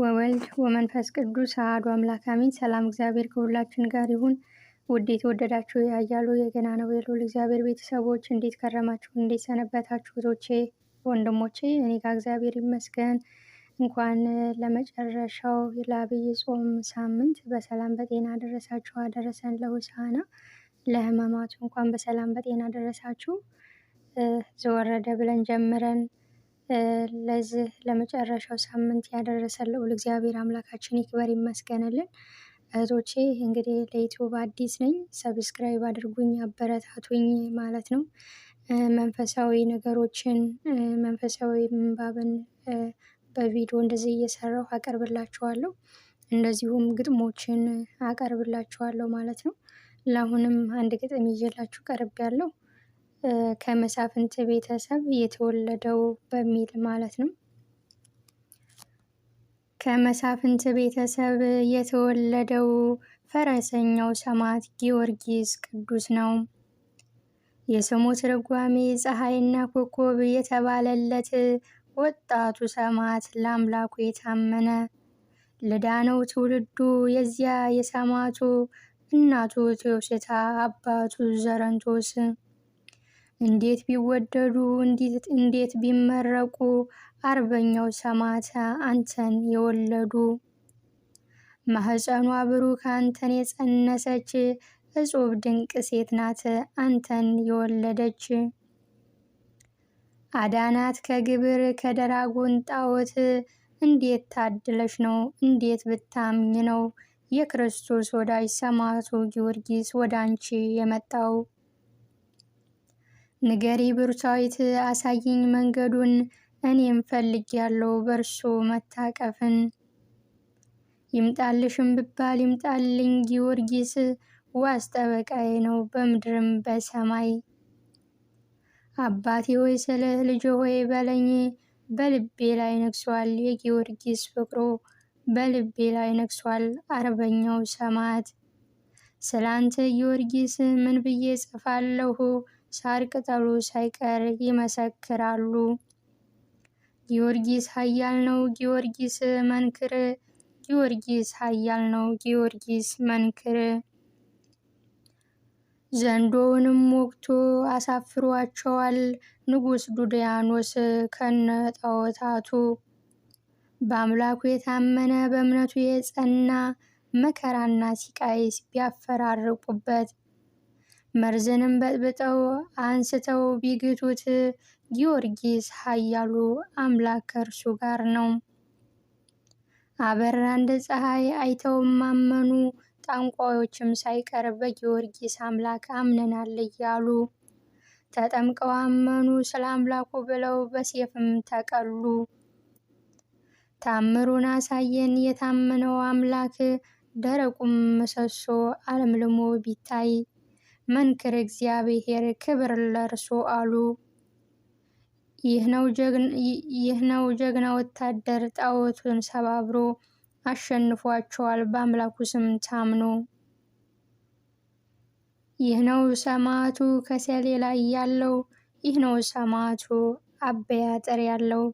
ወወልድ ወመንፈስ ቅዱስ አሐዱ አምላክ አሜን። ሰላም እግዚአብሔር ከሁላችን ጋር ይሁን። ውድ የተወደዳችሁ ያያሉ የገና ነው የሎል እግዚአብሔር ቤተሰቦች እንዴት ከረማችሁ? እንዴት ሰነበታችሁ? እህቶቼ ወንድሞቼ፣ እኔ ጋር እግዚአብሔር ይመስገን። እንኳን ለመጨረሻው ለአብይ ጾም ሳምንት በሰላም በጤና አደረሳችሁ አደረሰን። ለሆሳዕና ለሕማማቱ እንኳን በሰላም በጤና አደረሳችሁ። ዘወረደ ብለን ጀምረን ለዚህ ለመጨረሻው ሳምንት ያደረሰ ልዑል እግዚአብሔር አምላካችን ይክበር ይመስገንልን። እህቶቼ እንግዲህ ለዩቲዩብ አዲስ ነኝ፣ ሰብስክራይብ አድርጉኝ፣ አበረታቱኝ ማለት ነው። መንፈሳዊ ነገሮችን መንፈሳዊ ምንባብን በቪዲዮ እንደዚህ እየሰራሁ አቀርብላችኋለሁ። እንደዚሁም ግጥሞችን አቀርብላችኋለሁ ማለት ነው። ለአሁንም አንድ ግጥም ይዤላችሁ ቀርብ ያለው ከመሳፍንት ቤተሰብ የተወለደው በሚል ማለት ነው። ከመሳፍንት ቤተሰብ የተወለደው ፈረሰኛው ሰማዕት ጊዮርጊስ ቅዱስ ነው። የስሙ ትርጓሜ ፀሐይና ኮከብ የተባለለት ወጣቱ ሰማዕት ለአምላኩ የታመነ ልዳነው ትውልዱ የዚያ የሰማዕቱ እናቱ ቴዎስታ አባቱ ዘረንቶስ እንዴት ቢወደዱ እንዴት ቢመረቁ አርበኛው ሰማተ አንተን የወለዱ ማህፀኗ ብሩክ አንተን የጸነሰች እጹብ ድንቅ ሴት ናት አንተን የወለደች። አዳናት ከግብር ከደራጎን ጣዖት እንዴት ታድለሽ ነው እንዴት ብታምኝ ነው የክርስቶስ ወዳጅ ሰማዕቱ ጊዮርጊስ ወዳንቺ የመጣው። ንገሪ ብሩታዊት አሳይኝ መንገዱን እኔም ያለው በእርሶ መታቀፍን ይምጣልሽም ብባል ይምጣልኝ ጊዮርጊስ ዋስ ጠበቃዬ ነው በምድርም በሰማይ አባቴ ሆይ ስለ ልጅ ሆይ በለኝ በልቤ ላይ ነግሷል የጊዮርጊስ ፍቅሮ በልቤ ላይ ነግሷል አርበኛው ሰማዕት አንተ ጊዮርጊስ ምን ብዬ ጽፋለሁ ሳር ቅጠሉ ሳይቀር ይመሰክራሉ። ጊዮርጊስ ኃያል ነው፣ ጊዮርጊስ መንክር፣ ጊዮርጊስ ኃያል ነው፣ ጊዮርጊስ መንክር። ዘንዶውንም ወቅቱ አሳፍሯቸዋል ንጉስ ዱድያኖስ ከነ ጣዖታቱ። በአምላኩ የታመነ በእምነቱ የጸና መከራና ሲቃይ ቢያፈራርቁበት መርዝንም በጥብጠው አንስተው ቢግቱት ጊዮርጊስ ኃያሉ አምላክ ከእርሱ ጋር ነው። አበራ እንደ ፀሐይ አይተው ማመኑ። ጠንቋዮችም ሳይቀር በጊዮርጊስ አምላክ አምነናል እያሉ ተጠምቀው አመኑ። ስለ አምላኩ ብለው በሴፍም ተቀሉ። ታምሩን አሳየን የታመነው አምላክ ደረቁም ምሰሶ አለምልሞ ቢታይ መንክር እግዚአብሔር ክብር ለርሶ አሉ። ይህ ነው ጀግና ወታደር ጣዖቱን ሰባብሮ አሸንፏቸዋል በአምላኩ ስም ታምኖ። ይህ ነው ሰማዕቱ ከሰሌ ላይ ያለው ይህ ነው ሰማዕቱ አበያጠር ያለው